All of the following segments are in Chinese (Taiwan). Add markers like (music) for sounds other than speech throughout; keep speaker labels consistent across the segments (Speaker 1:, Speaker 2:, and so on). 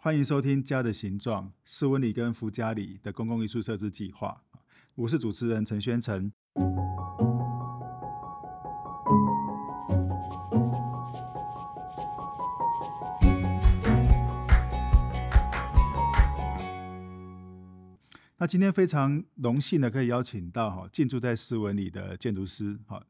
Speaker 1: 歡迎收聽《家的形狀》，斯文里跟福家里的公共藝術設置計劃。我是主持人陳宣誠。那今天非常榮幸的可以邀請到哈，進駐在斯文里的建築師哈，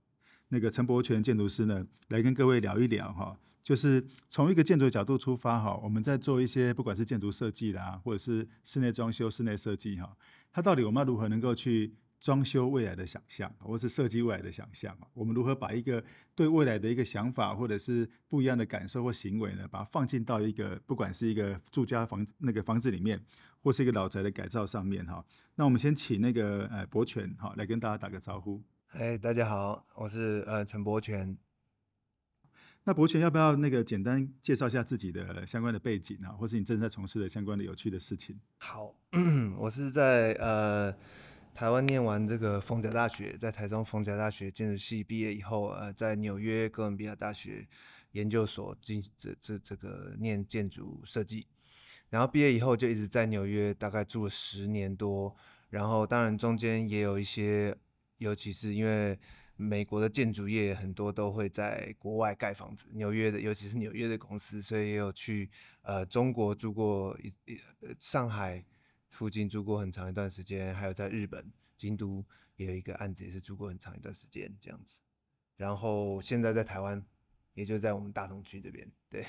Speaker 1: 那個陳柏全建築師呢，來跟各位聊一聊哈。就是從一個建築角度出發哈，我們在做一些不管是建築設計啦，或者是室內裝修、室內設計哈，它到底我們要如何能夠去裝修未來的想象，或是設計未來的想象？我們如何把一個對未來的一個想法，或者是不一樣的感受或行為呢，把它放進到一個不管是一個住家房那個房子裡面，或是一個老宅的改造上面哈？那我們先請那個呃柏全哈來跟大家打個招呼。哎，hey, 大家好，我是呃陳柏全。那柏全要不要那個簡單介紹一下自己的相關的背景啊，或是你正在從事的相關的有趣的事情？好，咳咳，我是在呃台
Speaker 2: 灣念完這個逢甲大學，在台中逢甲大學建築系畢業以後，呃，在紐約哥倫比亞大學研究所進這這這個念建築設計，然後畢業以後就一直在紐約大概住了十年多，然後當然中間也有一些，尤其是因為。美國的建築業很多都會在國外蓋房子，紐約的，尤其是紐約的公司，所以也有去呃中國住過一呃上海附近住過很長一段時間，還有在日本京都也有一個案子，也是住過很長一段時間這樣子。然後現在在台灣，也就在我們大同區這邊，
Speaker 1: 對。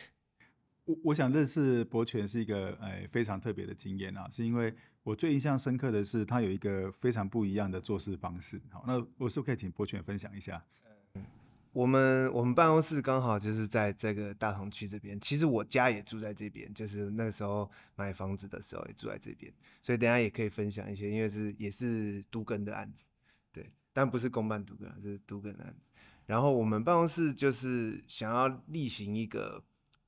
Speaker 1: 我我想認識柏全是一個誒、哎、非常特別的經驗啊，是因為我最印象深刻的是他有一個非常不一樣的做事方式。好，那我是不是可以請柏全分享一下？嗯，
Speaker 2: 我們我們辦公室剛好就是在這個大同區這邊，其實我家也住在這邊，就是那個時候買房子的時候也住在這邊，所以等下也可以分享一些，因為是也是都更的案子，對，但不是公辦都更，是都更的案子。然後我們辦公室就是想要例行一個。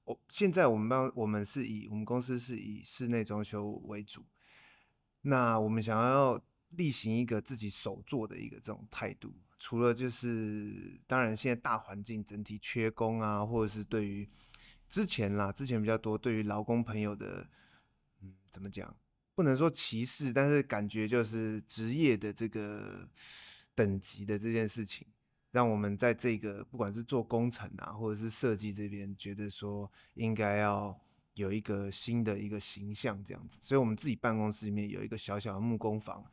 Speaker 2: 我現在我們幫我們是以我們公司是以室內裝修為主，那我們想要例行一個自己手做的一個這種態度，除了就是當然現在大環境整體缺工啊，或者是對於之前啦，之前比較多對於勞工朋友的，嗯，怎麼講，不能說歧視，但是感覺就是職業的這個等級的這件事情。讓我們在這個不管是做工程啊，或者是設計這邊，覺得說應該要有一個新的一個形象這樣子，所以我們自己辦公室裡面有一個小小的木工房，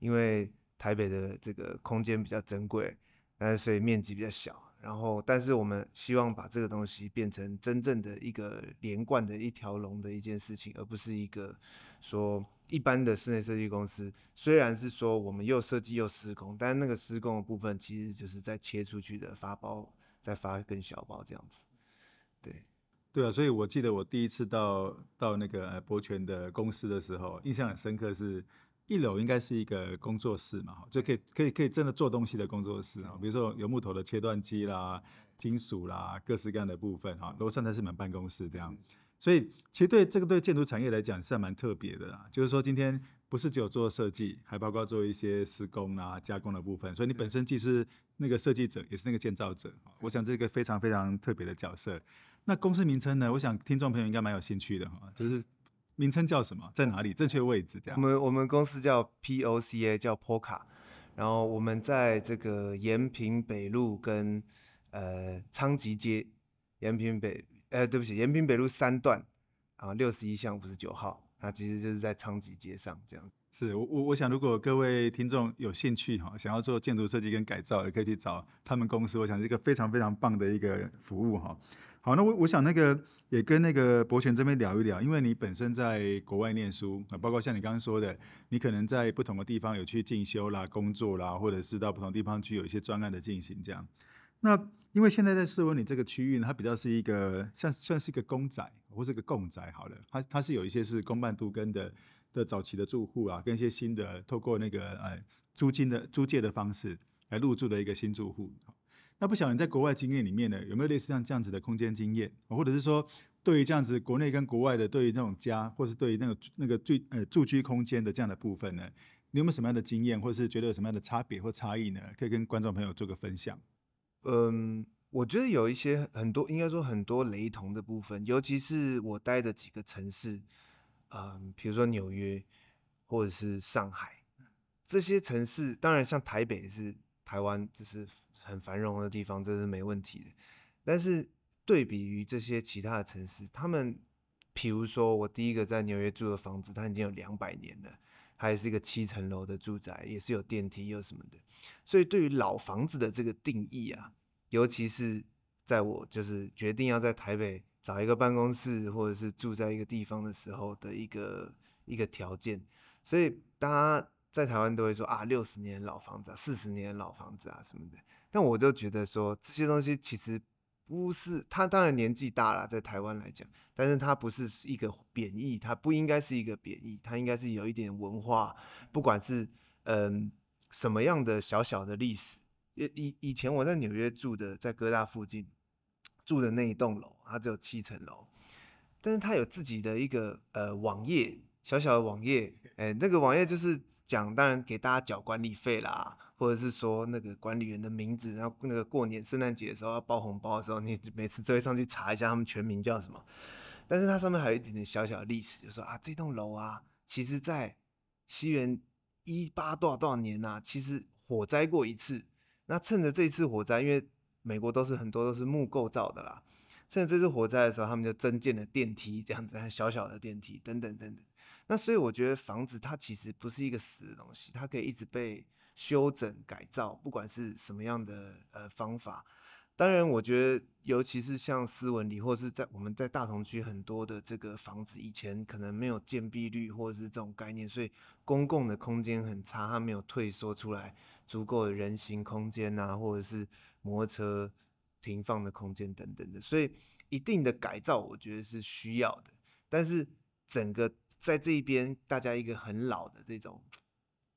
Speaker 2: 因為台北的這個空間比較珍貴，但是所以面積比較小。然後，但是我們希望把這個東西變成真正的一個連貫的一條龍的一件事情，而不是一個說一般的室內設計公司，雖然是說我們又設計又施工，但是那個施工的部分其實就是在切出去的發包，再發
Speaker 1: 更小包這樣子。對，對啊，所以我記得我第一次到到那個柏全的公司的時候，印象很深刻是。一樓應該是一個工作室嘛，哈，就可以可以可以真的做東西的工作室啊，比如說有木頭的切斷機啦、金屬啦，各式各樣的部分哈。樓上才是你們辦公室這樣，所以其實對這個對建築產業來講是還蠻特別的啦，就是說今天不是只有做設計，還包括做一些施工啦、加工的部分，所以你本身既是那個設計者，也是那個建造者，我想這是一個非常非常特別的角色。那公司名稱呢，我想聽眾朋友應該蠻有興趣的哈，就是。名稱叫什麼？在哪裡？正確位置這樣。我們我們公司叫 POCA，叫 Poca。
Speaker 2: 然後我們在這個延平北路跟呃昌吉街，延平北呃，對不起，延平北路三段啊六十一巷五十九號，那其實就是在昌吉街上這樣。
Speaker 1: 是，我我我想如果各位聽眾有興趣哈，想要做建築設計跟改造，也可以去找他們公司，我想是一個非常非常棒的一個服務哈。好，那我我想那個也跟那個柏全這邊聊一聊，因為你本身在國外念書啊，包括像你剛剛說的，你可能在不同的地方有去進修啦、工作啦，或者是到不同地方去有一些專案的進行這樣。那因為現在在斯文里這個區域呢，它比較是一個像算是一個公宅或是一個共宅好了，它它是有一些是公辦都更的的早期的住戶啊，跟一些新的透過那個呃租金的租借的方式來入住的一個新住戶。那不曉得你在國外經驗裡面呢，有沒有類似像這樣子的空間經驗，哦，或者是說對於這樣子國內跟國外的對於那種家，或是對於那個那個最呃住居空間的這樣的部分呢？你有沒有什麼樣的經驗，或是覺得有什麼樣的差別或差異呢？可以跟觀眾朋友做個分享。嗯，我覺得有
Speaker 2: 一些，很多應該說很多雷同的部分，尤其是我待的幾個城市，嗯，比如說紐約或者是上海這些城市，當然像台北是台灣就是。很繁榮的地方，這是沒問題的。但是對比於這些其他的城市，他們，比如說我第一個在紐約住的房子，它已經有兩百年了，還是一個七層樓的住宅，也是有電梯又什麼的。所以對於老房子的這個定義啊，尤其是在我就是決定要在台北找一個辦公室或者是住在一個地方的時候的一個一個條件。所以大家在台灣都會說啊，六十年老房子啊，四十年老房子啊什麼的。那我就覺得說這些東西其實不是他，當然年紀大了，在台灣來講，但是他不是一個貶義，它不應該是一個貶義，它應該是有一點文化，不管是嗯、呃、什麼樣的小小的歷史。以以前我在紐約住的，在哥大附近住的那一棟樓，它只有七層樓，但是他有自己的一個呃網頁，小小的網頁，哎，那個網頁就是講，當然給大家繳管理費啦。或者是說那個管理員的名字，然後那個過年聖誕節的時候要包紅包的時候，你就每次都會上去查一下他們全名叫什麼。但是它上面還有一點點小小的歷史，就說啊，這棟樓啊，其實在西元一八多少多少年啊，其實火災過一次。那趁着這次火災，因為美國都是很多都是木構造的啦，趁着這次火災的時候，他們就增建了電梯，這樣子小小的電梯等等等等。那所以我覺得房子它其實不是一個死的東西，它可以一直被。修整改造，不管是什麼樣的呃方法，當然我覺得，尤其是像斯文裡，或者是在我們在大同區很多的這個房子，以前可能沒有建蔽率或者是這種概念，所以公共的空間很差，它沒有退縮出來足夠的人行空間啊，或者是摩托車停放的空間等等的，所以一定的改造我覺得是需要的。但是整個在這一邊，大家一個很老的這種。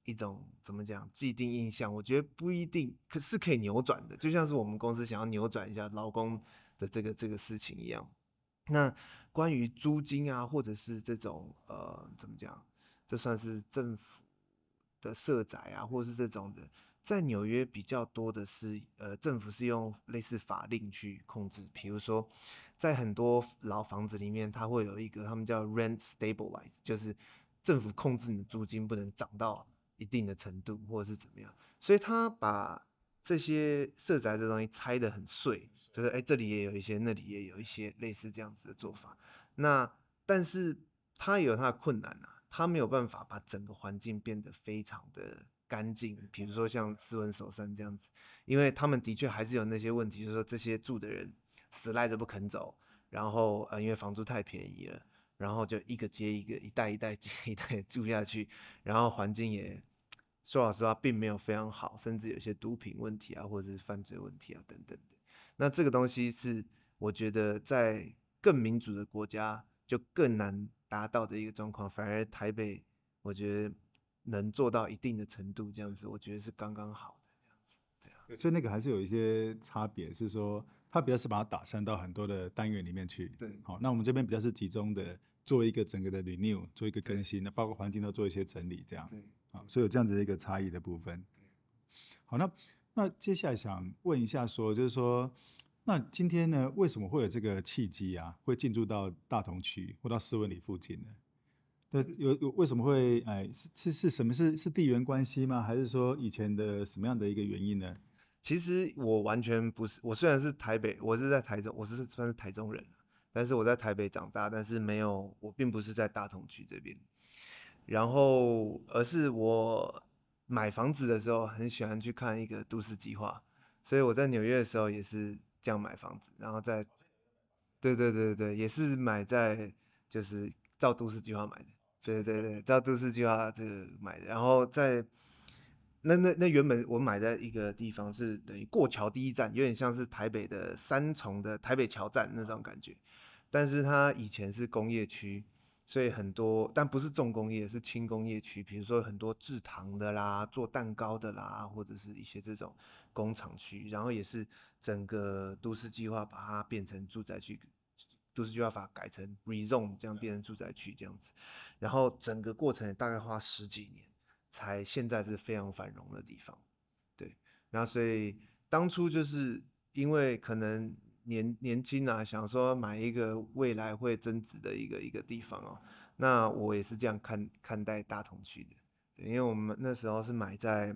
Speaker 2: 一種怎麼講，既定印象，我覺得不一定，可是可以扭轉的，就像是我們公司想要扭轉一下勞工的這個這個事情一樣。那關於租金啊，或者是這種呃怎麼講，這算是政府的社宅啊，或者是這種的，在紐約比較多的是呃政府是用類似法令去控制，比如說在很多老房子裡面，它會有一個他們叫 rent stabilize，就是政府控制你的租金不能漲到。一定的程度，或者是怎麼樣。所以他把這些社宅這東西拆得很碎，就是哎、欸，這裡也有一些，那裡也有一些類似這樣子的做法。那但是他也有他的困難啊，他沒有辦法把整個環境變得非常的乾淨。比如說像斯文守山這樣子，因為他們的確還是有那些問題，就是說這些住的人死賴着不肯走，然後、呃、因為房租太便宜了，然後就一個接一個，一代一代接一代住下去，然後環境也，說老實話，並沒有非常好，甚至有些毒品問題啊，或者是犯罪問題啊，等等。那這個東西是我覺得在更民主的國家就更難達到的一個狀況，反而台北，我覺得能做到一定的程度，這樣子，我覺得是剛剛好的這樣
Speaker 1: 子。對啊對，所以那個還是有一些差別，是說它比較是把它打散到很多的單元裡面去。對，好，哦，那我們這邊比較是集中的做一個整個的 renew，做一個更新，對，那包括環境都做一些整理，這樣。啊，所以有這樣子的一個差異的部分。好，那那接下來想問一下說，說就是說，那今天呢，為什麼會有這個契機啊，會進駐到大同區或到斯文里附近呢？那有有為什麼會哎是是是什麼是是地緣關係嗎？還是說以前的什麼樣的一個原因呢？其實我完全不是，我雖然是台北，我是
Speaker 2: 在台中，我是算是台中人，但是我在台北長大，但是沒有，我並不是在大同區這邊。然後，而是我買房子的時候很喜歡去看一個都市計劃，所以我在紐約的時候也是這樣買房子，然後在，對對對對，也是買在就是照都市計劃買的，對對對，照都市計劃這個買的，然後在那那那原本我買在一個地方是等於過橋第一站，有點像是台北的三重的台北橋站那種感覺，但是它以前是工業區。所以很多，但不是重工業，是輕工業區，比如說很多製糖的啦，做蛋糕的啦，或者是一些這種工廠區，然後也是整個都市計劃把它變成住宅區，都市計劃法改成 rezone，這樣變成住宅區這樣子，然後整個過程大概花十幾年，才現在是非常繁榮的地方，對，然後所以當初就是因為可能。年年輕啊，想說買一個未來會增值的一個一個地方哦。那我也是這樣看看待大同區的，對，因為我們那時候是買在，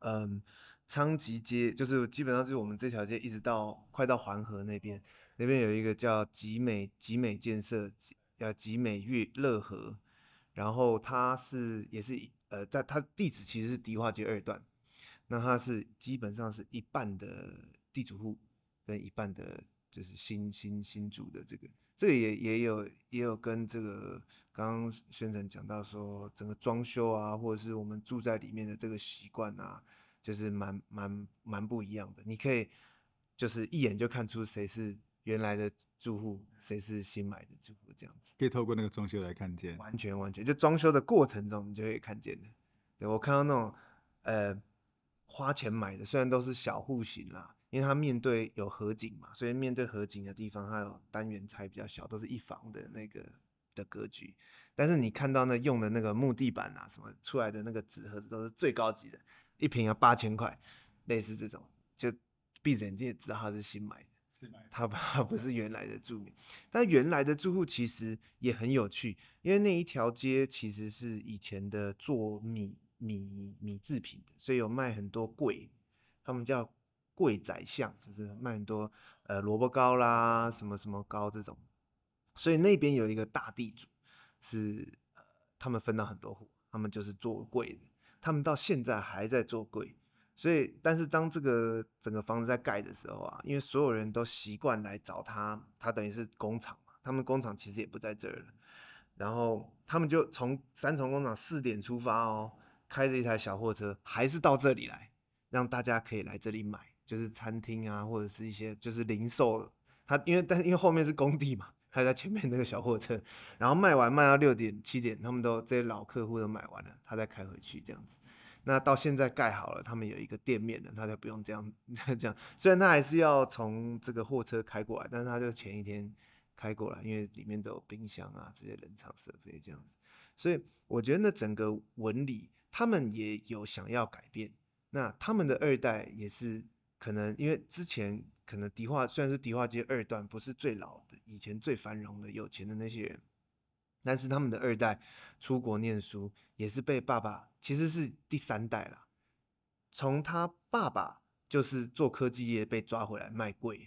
Speaker 2: 嗯，昌吉街，就是基本上就是我們這條街一直到快到環河那邊，嗯，那邊有一個叫集美集美建設，叫集美樂樂河，然後它是也是呃，在它地址其實是迪化街二段，那它是基本上是一半的地主戶。一半的，就是新新新住的這個，這個也也有也有跟這個剛剛宣誠講到說，整個裝修啊，或者是我們住在裡面的這個習慣啊，就是蠻蠻蠻不一樣的。你可以就是一眼就看出誰是原來的住戶，誰是新買的住戶這樣子。
Speaker 1: 可以透過那個裝修來
Speaker 2: 看見。完全完全，就裝修的過程中你就可以看見的。對，我看到那種呃花錢買的，雖然都是小戶型啦。因為它面對有河景嘛，所以面對河景的地方，還有單元才比較小，都是一房的那個的格局。但是你看到那用的那個木地板啊，什麼出來的那個紙盒子都是最高級的，一坪要八千塊。類似這種，就閉着眼睛也知道它是新買的。新買的。它不是原來的住民。但原來的住戶其實也很有趣，因為那一條街其實是以前的做米米米制品的，所以有賣很多粿。他們叫，貴仔巷就是賣很多呃蘿蔔糕啦，什麼什麼糕這種，所以那邊有一個大地主是，是他們分到很多戶，他們就是做粿的，他們到現在還在做粿。所以，但是當這個整個房子在蓋的時候啊，因為所有人都習慣來找他，他等於是工廠嘛，他們工廠其實也不在這兒了，然後他們就從三重工廠四點出發哦，開着一台小貨車，還是到這裡來，讓大家可以來這裡買。就是餐廳啊，或者是一些就是零售的，他因為但是因為後面是工地嘛，他在前面那個小貨車，然後賣完賣到六點七點，他們都這些老客戶都買完了，他再開回去這樣子。那到現在蓋好了，他們有一個店面了，他就不用這樣這樣。雖然他還是要從這個貨車開過來，但是他就前一天開過來，因為裡面都有冰箱啊這些冷藏設備這樣子。所以我覺得那整個斯文里他們也有想要改變，那他們的二代也是。可能因為之前可能迪化雖然是迪化街二段，不是最老的，以前最繁榮的、有錢的那些人，但是他們的二代出國念書，也是被爸爸其實是第三代了。從他爸爸就是做科技業被抓回來賣貴，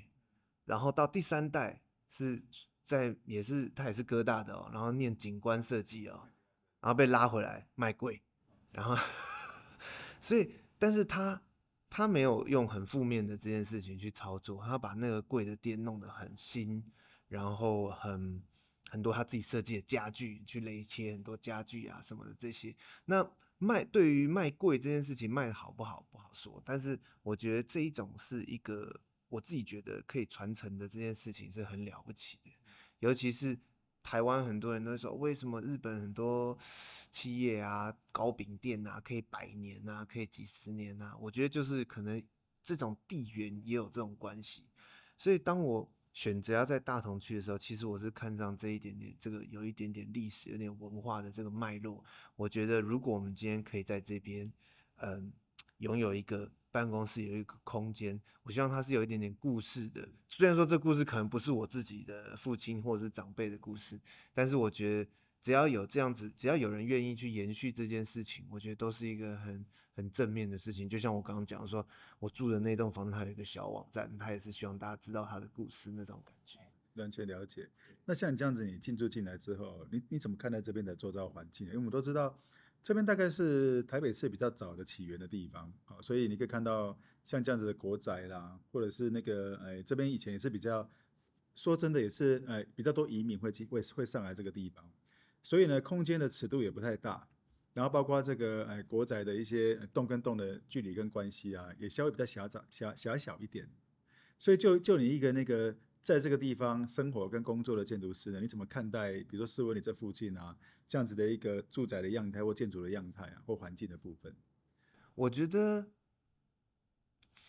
Speaker 2: 然後到第三代是在也是他也是哥大的哦、喔，然後念景觀設計哦，然後被拉回來賣貴，然後 (laughs) 所以但是他。他沒有用很負面的這件事情去操作，他把那個貴的店弄得很新，然後很很多他自己設計的家具，去雷切很多家具啊什麼的這些。那賣對於賣貴這件事情賣的好不好不好說，但是我覺得這一種是一個我自己覺得可以傳承的這件事情是很了不起的，尤其是。台灣很多人都說，為什麼日本很多企業啊、糕餅店啊，可以百年啊，可以幾十年啊？我覺得就是可能這種地緣也有這種關係。所以當我選擇要在大同區的時候，其實我是看上這一點點，這個有一點點歷史、有點文化的這個脈絡。我覺得如果我們今天可以在這邊，嗯，擁有一個。辦公室有一個空間，我希望它是有一點點故事的。雖然說這故事可能不是我自己的父親或者是長輩的故事，但是我覺得只要有這樣子，只要有人願意去延續這件事情，我覺得都是一個很很正面的事情。就像我剛剛講說，我住的那棟房子它有一個小網站，它也是希望大家知道它的
Speaker 1: 故事那種感覺。完全了解。那像你這樣子，你進駐進來之後，你你怎麼看待這邊的周遭環境？因為我們都知道。這邊大概是台北市比較早的起源的地方，好，所以你可以看到像這樣子的國宅啦，或者是那個，哎，這邊以前也是比較，說真的也是，哎，比較多移民會進會會上來這個地方，所以呢，空間的尺度也不太大，然後包括這個，哎，國宅的一些棟跟棟的距離跟關係啊，也稍微比較狹窄狹狹小一點，所以就就你一個那個。在這個地方生活跟工作的建築師呢，你怎麼看待？比如說，斯文里你這附近啊，這樣子的一個住宅的樣態或建築的樣態啊，或環境的部分，我覺得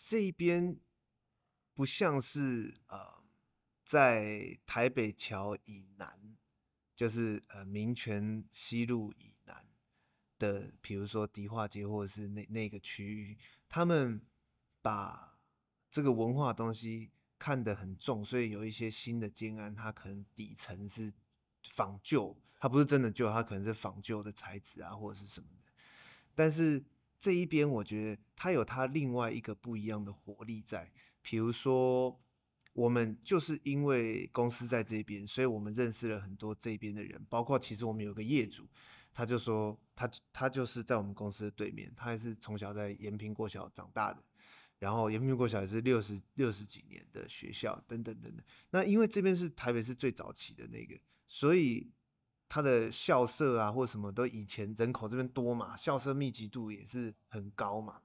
Speaker 1: 這邊不像是呃，
Speaker 2: 在台北橋以南，就是呃民權西路以南的，比如說迪化街或者是那那個區域，他們把這個文化東西。看得很重，所以有一些新的建案，它可能底層是仿舊，它不是真的舊，它可能是仿舊的材質啊，或者是什麼的。但是這一邊，我覺得它有它另外一個不一樣的活力在。比如說，我們就是因為公司在這邊，所以我們認識了很多這邊的人，包括其實我們有個業主，他就說他他就是在我們公司的對面，他也是從小在延平過小長大的。然後延平國小也是六十六十幾年的學校，等等等等。那因為這邊是台北市最早期的那個，所以它的校舍啊或者什麼都，以前人口這邊多嘛，校舍密集度也是很高嘛。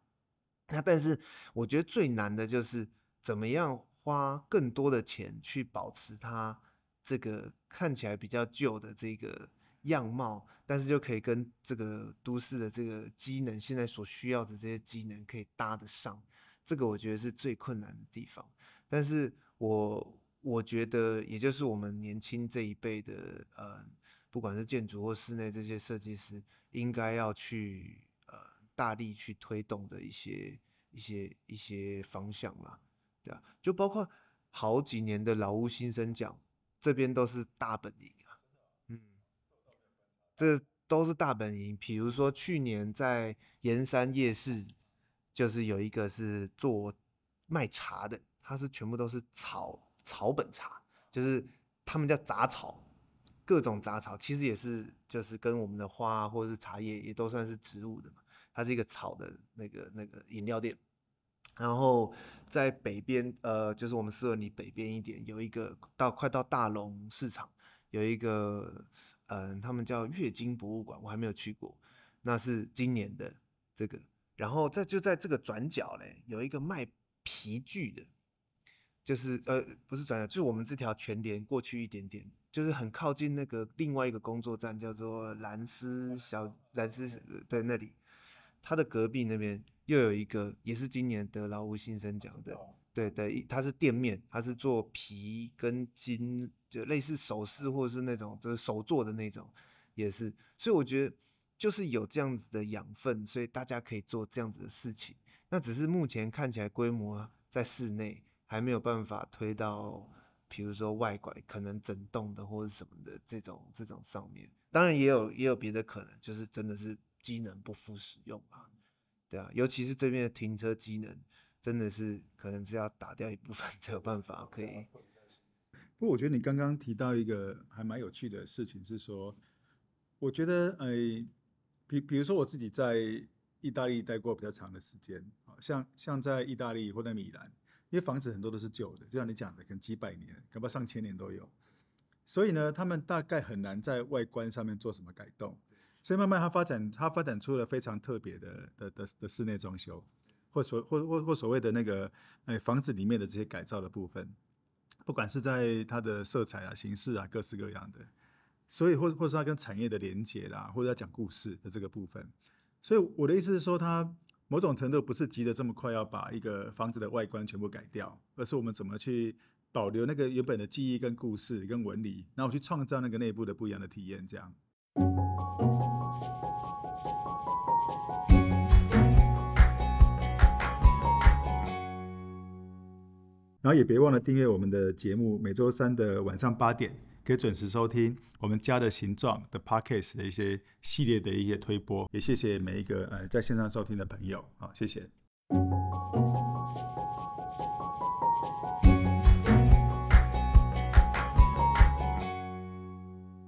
Speaker 2: 那但是我覺得最難的就是怎麼樣花更多的錢去保持它這個看起來比較舊的這個樣貌，但是就可以跟這個都市的這個機能，現在所需要的這些機能可以搭得上。這個我覺得是最困難的地方，但是我我覺得，也就是我們年輕這一輩的，呃，不管是建築或室內這些設計師，應該要去呃大力去推動的一些一些一些方向嘛，對吧，啊？就包括好幾年的老屋新生獎，這邊都是大本營啊，嗯，這都是大本營。比如說去年在鹽山夜市。就是有一個是做賣茶的，它，是全部都是草草本茶，就是他們叫雜草，各種雜草其實也是，就是跟我們的花或者是茶葉也都算是植物的嘛。它是一個草的那個那個飲料店。然後在北邊，呃，就是我們斯文里北邊一點有一個，到快到大龍市場有一個，嗯，他們叫月經博物館，我還沒有去過，那是今年的這個。然後在就在這個轉角嘞，有一個賣皮具的，就是呃不是轉角，就我們這條全聯過去一點點，就是很靠近那個另外一個工作站，叫做藍絲小藍絲，對，那裡，他的隔壁那邊又有一個，也是今年得老屋新生獎的，對、嗯、對，他是店面，他是做皮跟金，就類似首飾或是那種就是手做的那種，也是，所以我覺得。就是有這樣子的養分，所以大家可以做這樣子的事情。那只是目前看起來規模在室內還沒有辦法推到，比如說外拐可能整棟的或者什麼的這種這種上面。當然也有也有別的可能，就是真的是機能不敷使用嘛，對啊，尤其是這邊的停車機能，真的是可能是要打掉一部分才有辦法可以。
Speaker 1: 不過我覺得你剛剛提到一個還蠻有趣的事情是說，我覺得誒。欸比比如說我自己在意大利待過比較長的時間，啊，像像在意大利或在米蘭，因為房子很多都是舊的，就像你講的，可能幾百年，搞不好上千年都有，所以呢，他們大概很難在外觀上面做什麼改動，所以慢慢它發展，它發展出了非常特別的的的的室內裝修，或所或或或所謂的那個哎房子裡面的這些改造的部分，不管是在它的色彩啊、形式啊，各式各樣的。所以，或或是它跟產業的連接啦，或者在講故事的這個部分。所以，我的意思是說，它某種程度不是急得這麼快要把一個房子的外觀全部改掉，而是我們怎麼去保留那個原本的記憶跟故事跟紋理，然後去創造那個內部的不一樣的體驗，這樣。然後也別忘了訂閱我們的節目，每週三的晚上八點。可以準時收聽我們家的形狀的 podcast 的一些系列的一些推播，也謝謝每一個呃在線上收聽的朋友，好，謝謝。